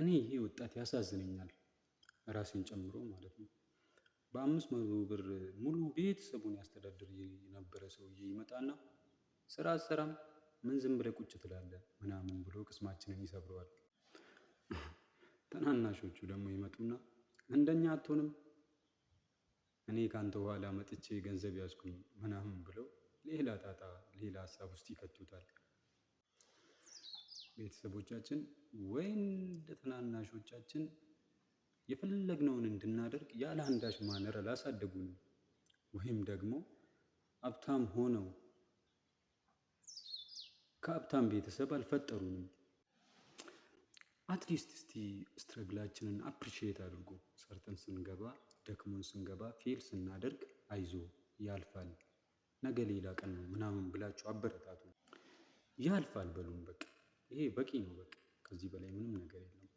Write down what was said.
እኔ ይሄ ወጣት ያሳዝነኛል ራሴን ጨምሮ ማለት ነው። በአምስት መቶ ብር ሙሉ ቤተሰቡን ያስተዳድር የነበረ ሰውዬ ይመጣና ስራ አትሰራም ምን ዝም ብለህ ቁጭ ትላለህ ምናምን ብሎ ቅስማችንን ይሰብረዋል። ትናናሾቹ ደግሞ ይመጡና እንደኛ አትሆንም እኔ ከአንተ በኋላ መጥቼ ገንዘብ ያዝኩኝ ምናምን ብለው ሌላ ጣጣ ሌላ ሀሳብ ውስጥ ይከቱታል። ቤተሰቦቻችን ወይም እንደ የፈለግነውን እንድናደርግ ያለ አንዳች ማነር አላሳደጉንም። ወይም ደግሞ ሀብታም ሆነው ከሀብታም ቤተሰብ አልፈጠሩንም። አትሊስት እስቲ ስትረግላችንን አፕሪሺየት አድርጎ ሰርተን ስንገባ ደክሞን ስንገባ ፌል ስናደርግ አይዞ ያልፋል፣ ነገ ሌላ ቀን ነው ምናምን ብላችሁ አበረታቱ። ያልፋል በሉም በቃ ይሄ በቂ ነው። በቃ ከዚህ በላይ ምንም ነገር የለም።